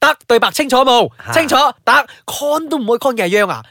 得對白清楚冇？清楚得，con 都唔可以 con 嘅樣啊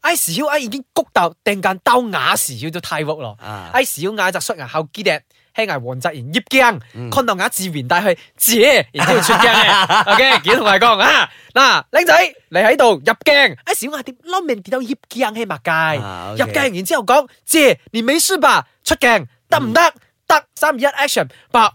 ！I 小 I 已經谷豆掟間兜雅士去到泰屋咯，I 小雅就縮牙口幾隻，輕挨黃澤言葉鏡，con 到雅自然帶去姐，然之後出鏡。O.K. 點同我講啊？嗱，靚仔你喺度入鏡，I 小雅點撈面跌到葉鏡喺麥界入鏡，然之後講姐你沒事吧？出鏡得唔得？得三二一 action，爆！